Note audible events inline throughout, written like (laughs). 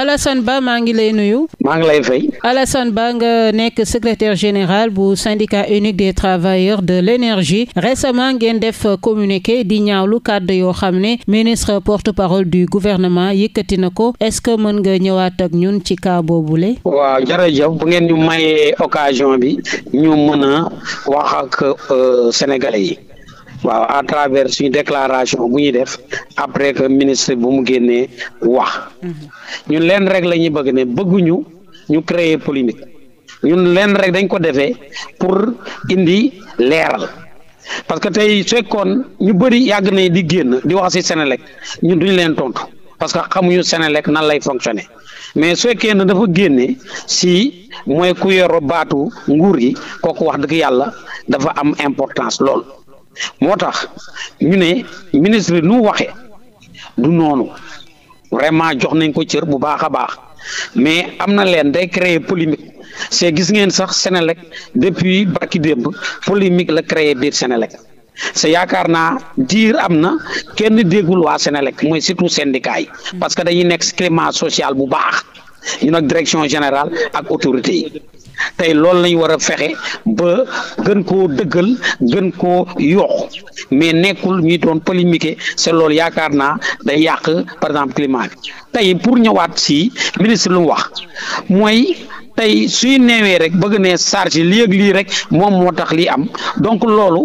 Alassane Ba maa ngi lay nuyu. maa ngi lay fay. Alassane Ba nga nekk secretaire général bu syndicat unique des travailleurs de l'énergie récemment ngeen def communiqué di ñaawlu kàddu yoo xam ne ministre porte-parole du gouvernement yëkkati na ko est-ce que mën nga ñëwaat ak ñun ci cas boobule. waaw jërëjëf bu ngeen ñu mayee occasion bi ñu mën a wax ak euh, sénégalais yi. waaw à travers suñu déclaration bu ñuy def après que ministre bu mu génnee wax mhm. ñun leen rek la ñuy bëgg ne bëgguñu ñu créer polémique ñun leen rek dañ ko defee pour indi leeral parce que tey fekkoon ñu bëri yàgg nañ di génn di wax si Senelec ñun duñ leen tontu parce que xamuñu Senelec nan lay fonctionner mais su fekkee dafa génne si mooy ku yoro baatu nguur yi kooku wax dëgg yàlla dafa am importance lool. moo tax ñu ne ministre nu waxee du noonu vraiment jox nañ ko cër bu baax a baax mais am na leen day créer polémique c'est gis ngeen sax Sénélec depuis barki démb polémique la créer biir Sénélec se yaakaar naa diir am na kenn dégul waa Sénélec mooy surtout syndicat yi parce que dañuy nekk climat social bu baax ñu nag direction général ak autorité yi tey loolu lañ war a fexe ba gën koo dëggal gën koo yokk mais nekkul ñuy doon polémique se lool yaakaar naa day yàq par exemple climat tey pour ñëwaat si ministre lu mu wax mooy tey suy neewee rek bëgg nee charge lii ak lii rek moom moo tax lii am donc loolu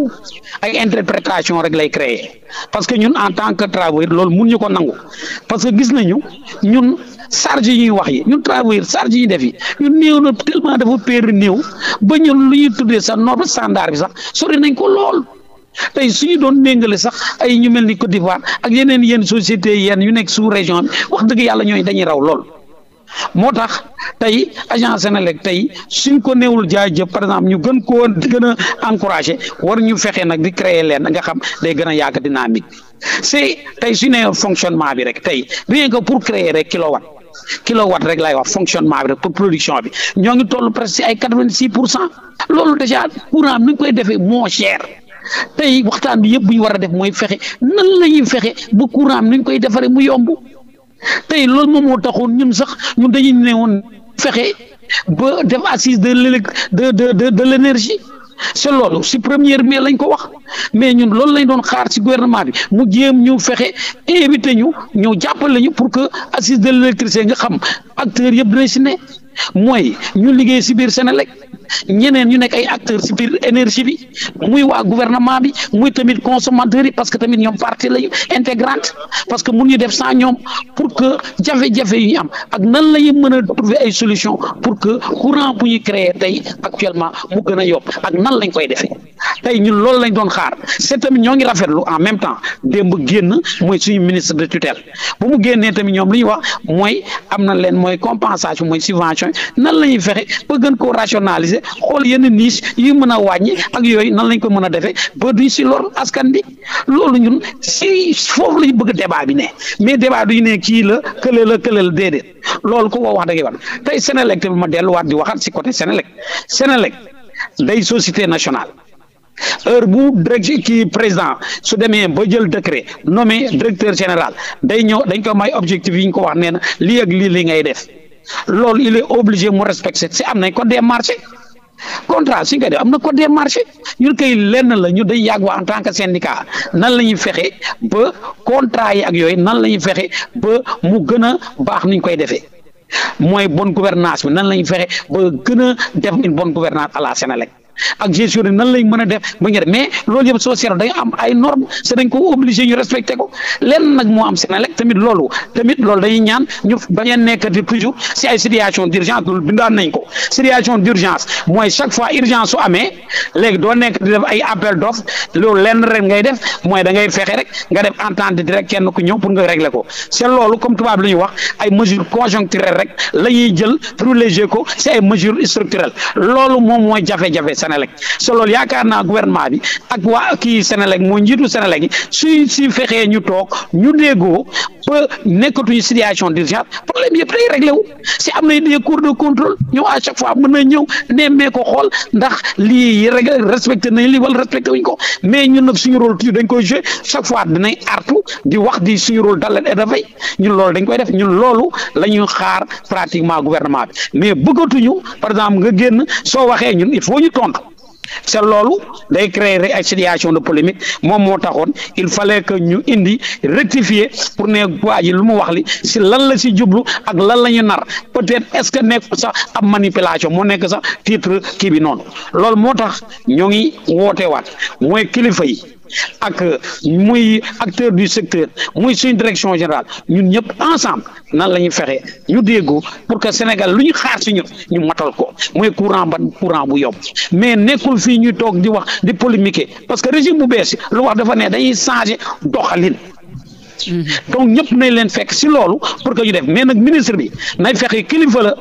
ay interprétation rek lay créer parce que ñun en tant que travailleur lool mun ñu ko nangu parce que gis nañu ñun charge yi ñuy wax yi ñun travailleur charge yi def yi ñun néew na tellement dafa péeri néew ba ñun lu ñuy tuddee sa norme standard bi sax sori nañ ko lool tey su ñu doon méngale sax ay ñu mel ni Côte ak yeneen yenn sociétés yenn yu nekk su région bi wax dëgg yàlla ñooñu dañuy raw lool. moo tax tey na Senelec tey suñ ko néewul jaajëf par exemple ñu gën koo gën a encouragé war ñu fexe nag di créer leen nga xam day gën a yàgg dynamique bi c'est tey su ne fonctionnement bi rek tey rien que pour créer rek kilo kilowatt rek lay wax fonctionnement bi rek pour production bi ñoo ngi toll presque ay quatre vingt six pour cent loolu déjà courant mi ngi koy defee moo cher. tey waxtaan bi yëpp bu ñu war a def mooy fexe nan la ñuy fexe ba courant ni ñu koy defaree mu yomb tey loolu moom moo taxoon ñun sax ñun dañuy ne woon fexe ba def assise de l' de de de de l' énergie c' est loolu si première mai lañ ko wax mais ñun loolu lañ doon xaar si gouvernement bi mu jéem ñu fexe invité ñu ñëw jàppale ñu pour que assise de l' électricité nga xam acteurs yëpp dinañ si ne mooy ñu liggéey si biir Senelec ñeneen ñu nekk ay acteurs si biir énergie bi muy waa gouvernement bi muy tamit consommateurs yi parce que tamit ñoom parti lañu intégrante parce que mun ñu def sans ñoom pour que jafe-jafe yu am ak nan la ñuy mën a trouver ay solution pour que courant bu ñu créer tey actuellement mu gën a yomb ak nan lañu koy defee. tey ñun loolu lañ doon xaar c'est tamit ñoo ngi rafetlu en même temps démb génn mooy suñu ministre de tutelle bu mu génnee tamit ñoom li ñu wax mooy am na leen mooy compensation mooy subvention nan la ñuy fexe ba gën koo rationaliser xool yenn niche yi mën a wàññi ak yooyu nan lañ ko mën a defee ba duñ si lor askan bi loolu ñun si foofu lañu bëgg debaa bi ne mais débat duñu ne kii la kële la kële la loolu ko wax da ngay wax tey Sénélec tamit ma delluwaat di waxaat si côté Sénélec Sénélec day société nationale heure bu direct kii président su demee ba jël décret noome directeur général day ñëw dañ ko may objectif yi ñu ko wax nee na lii ak lii li ngay def loolu il est obligé mu respecter si am nañ code des marchés contrat si koy def am na code des marchés ñun koy lenn la ñu dañ yàgg waa en tant que syndicat nan la ñuy fexe ba contrat yi ak yooyu nan la ñuy fexe ba mu gën a baax niñ koy defee mooy bon gouvernance bi nan la ñuy fexe ba gën a def une bonne gouvernance à la Sénélec ak gestion bi nan lañ mën a def ba ñu mais loolu yëpp soo seetloo dañu am ay normes te dañ ko obligé ñu respecté ko lenn nag moo am Senelec tamit loolu tamit loolu dañuy ñaan ñu bañ a nekkati toujours si ay situation d' urgence loolu bindaan nañ ko d' urgence mooy chaque fois urgence su amee léegi doo nekk di def ay appel d'offre loolu lenn rek ngay def mooy da ngay fexe rek nga def entente direct kenn ku ñëw pour nga régler ko c'est loolu comme tubaab la ñuy wax ay mesures conjoncturelles rek la ñuy jël privilégié ko si ay mesures structurelles loolu moom mooy jafe-jafe Senelec so loolu yaakaar naa gouvernement bi ak waa kii Senelec moo njiitu Senelec si fexee ñu toog ñu déggoo ba nekkatuñu situation d'urgence problème yëpp day réglé wu si am na des cours de contrôle ñëw à chaque fois mën na ñëw nemmee ko xool ndax lii rek respecté ko mais ñun nag suñu rôle tuuti dañ koy joué chaque fois dinañ artu di wax di suñu rôle dal leen dafay ñun loolu dañ koy def ñu loolu lañu ñuy xaar pratiquement gouvernement bi mais bëggatuñu par exemple nga génn soo waxee ñun il faut ñu tontu te loolu day créer rek ay situation de polémique moom moo taxoon il fallait que ñu indi rectifier pour ne waa ji lu mu wax li si lan la si jublu ak lan la ñu nar peut-être est-ce que nekk sax ab manipulation moo nekk sax titre kii bi noonu loolu moo tax ñoo ngi wooteewaat mooy kilifa yi. ak muy acteur du secteur muy suñu direction générale ñun ñëpp ensemble nan la ñuy fexe ñu déggoo pour que Sénégal lu ñu xaar si ñun ñu matal ko muy courant ba courant bu yomb mais nekkul fii ñuy toog di wax di polémiquer parce que régime bu bees lu wax dafa ne dañuy changé doxalin. Mm-hmm. donc ñëpp nañ leen fekk si loolu pour que ñu def mais nag ministre bi nay fexe kilifa la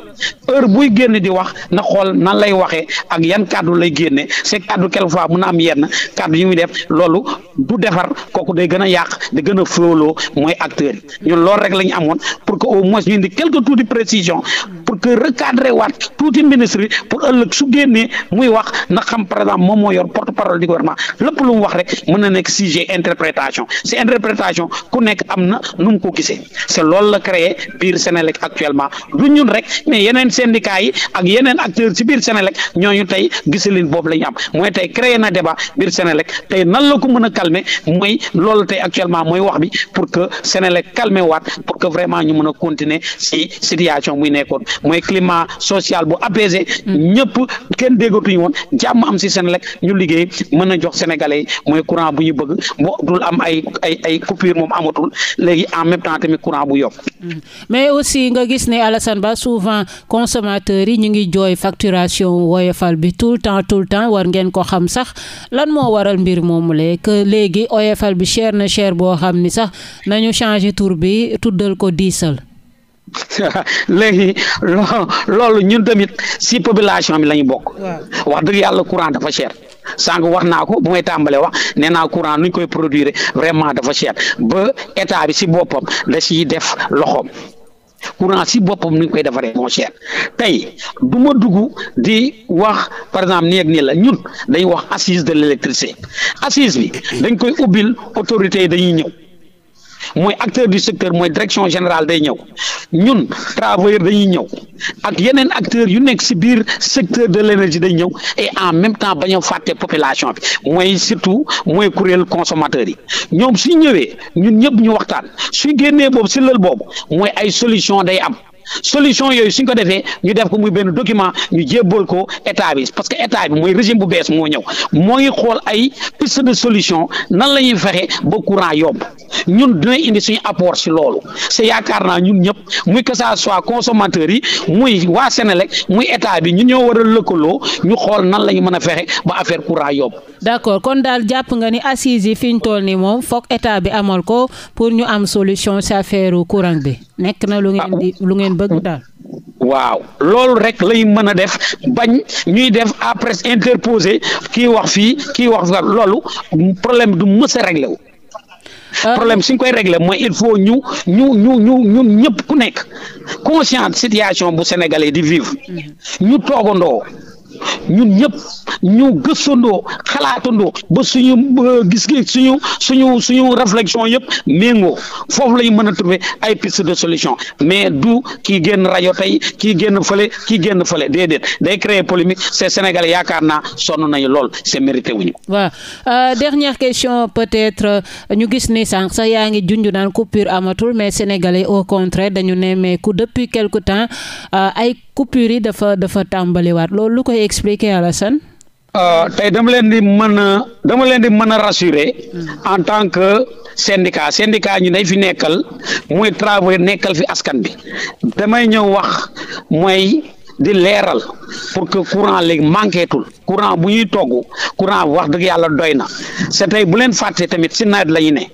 heure buy génn di wax na xool nan lay waxee ak yan kaddu lay génne c'est kàddu quelquefois mun na am yenn kaddu yu muy def loolu du defar kooku day gën a yàq di gën a fóoloo mooy acteurs yi ñun loolu rek la ñu amoon pour que au moins ñu indi quelque tuuti précision pour que recadrer waat tuuti ministre yi pour ëllëg su génnee muy wax na xam par exemple moom moo yor porte parole du gouvernement lépp lu mu wax rek mën na nekk sujet interprétation si interprétation ku nekk am na nu mu gise se lool la créer biir Sénélec actuellement du ñun rek mais yeneen syndicats yi ak yeneen acteur si biir Sénélec ñooñu tey gisalin boobu la am mooy tey créé na débat biir Sénélec tey calmer mooy loolu tey actuellement mooy wax bi pour que Sénélec calmer waat pour que vraiment ñu mën a continuer si situation muy nekkoon mooy climat social bu apaisé. ñëpp kenn déggatuñu woon jàmm am si Sénélec ñu liggéey mën a jox Sénégalais yi mooy courant bu ñu bëgg bu dul am ay ay ay coupure moom amatul léegi en même temps tamit courant bu yokk. Mm-hmm. mais aussi nga gis ne Alassane Ba souvent consommateurs yi ñu ngi jooy facturation woyofal bi tout le temps tout temps war ngeen léegi oyofal bi cher na cher boo xam ni sax nañu changé tur bi tuddal ko diisal. (laughs) léegi loolu ñun tamit si population bi la ñu bokk. wax dëgg yàlla courant dafa cher. sànq wax naa ko bu may tàmbalee wax nee naa courant nuñ koy produire vraiment dafa cher ba état bi si boppam da ciy def loxoom. courant si boppam ni ñu koy defaree moo cher tey du ma dugg di wax par exemple nii ak nii la ñun dañuy wax assise de l' électricité assise bi dañ koy ubbil autorités yi dañuy ñëw. mooy acteur du secteur mooy direction général day ñëw ñun travailleur dañuy ñëw ak yeneen acteurs yu nekk ci biir secteur de l'énergie day ñëw et en même temps bañ a fàtte population bi mooy surtout mooy kuréel consommateurs yi ñoom si ñëwee ñun ñëpp ñu waxtaan suñ génnee boobu si lël boobu mooy ay solution day am solution yooyu suñ ko defee ñu def ko muy benn document ñu jébbal ko état bi parce que état bi mooy régime bu bees moo ñëw moo xool ay piste de solution nan la ñuy fexe ba courant yomb ñun dina indi suñu apport si loolu c'est yaakaar naa ñun ñëpp muy que ça soit yi muy waa Sénélec muy état bi ñu ñoo war lëkkaloo ñu xool nan la ñu mën a fexe ba affaire courant yomb. d'accord kon daal jàpp nga ni assises yi fi ñu toll nii moom foog état bi amal ko pour ñu am solution si affaire courant bi nekk na lu ah, lu ngeen ngeen bëgg daal. waaw loolu rek lay mën a def bañ ñuy def à presse interposée kii wax fii kii wax fa loolu problème du mës a wu. Euh, problème suñ koy réglé mooy il faut ñu ñu ñu ñu ñëpp ku nekk consciente situation bu sénégalais di vivre mm-hmm. ñu toogandoo. ñun ñëpp ñu gëstandoo xalaatandoo ba suñu gis-gis suñu suñu suñu réflexion yëpp méngoo foofu lañu mën a trouver ay piste de solution mais du kii génn rajo tey kii génn fële kii génn fële déedéet day créer polémique c'est Sénégal yaakaar naa sonn nañu lool c'est mérité wuñu waaw euh, dernière question peut-être ñu gis ni sànq sax yaa ngi junj naan coupure amatul mais sénégalais au contraire dañu nemmeeku depuis quelque temps euh, coupure yi dafa dafa tàmbaliwaat loolu lu koy expliquer Alassane euh, tey dama leen di mën a dama leen di mën a rassurer hmm. en tant que syndicat syndicat ñu day fi nekkal muy travail nekkal fi askan bi damay ñëw wax mooy di leeral pour que courant léegi manqueetul courant bu ñuy togg courant wax dëgg yàlla doy na c'est tey bu leen fàtte tamit si nawet la ne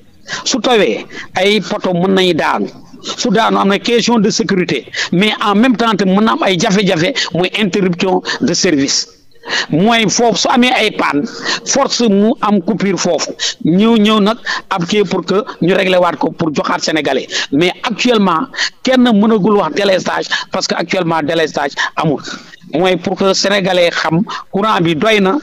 su tawee ay poto mën nañu daanu Soudan am na question de sécurité mais en même temps te mën am ay jafe-jafe mooy interruption de service mooy foofu su amee ay panne force mu am coupure foofu ñëw ñëw nag ab kii pour que ñu régler waat ko pour joxaat sénégalais mais actuellement kenn mënagul wax délestage parce que actuellement délestage amul mooy pour que sénégalais xam courant bi doy na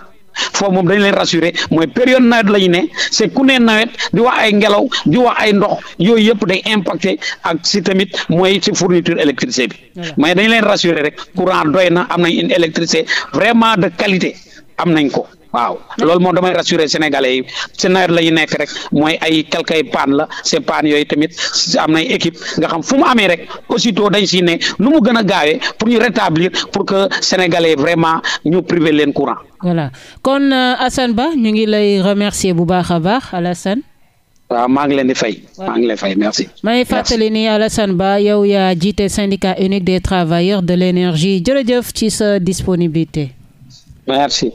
foofu moom dañ leen rassuré mooy période nawet la ñu ne c'est ku ne nawet di wax ay ngelaw di wax ay ndox yooyu yëpp day impacté ak si tamit mooy si fourniture électricité bi mais dañ leen rassuré rek courant doy na am nañ une électricité vraiment de qualité am nañ ko waaw loolu moom damay rassurer sénégalais yi si nawet la ñu nekk rek mooy ay quelques panne la ces panne yooyu tamit am na équipe nga xam fu mu amee rek aussi aussitôt dañ si ne nu mu gën a gaawee pour ñu rétablir pour que sénégalais vraiment ñu priver leen courant. voilà kon euh, Assane Ba ñu ngi lay remercier bu baax a baax Alassane. waaw maa ngi leen di fay. maa ngi leen fay merci. may fàttali ni Alassane Ba yow yaa jiite syndicat unique des travailleurs de l'énergie jërëjëf ci sa disponibilité. merci.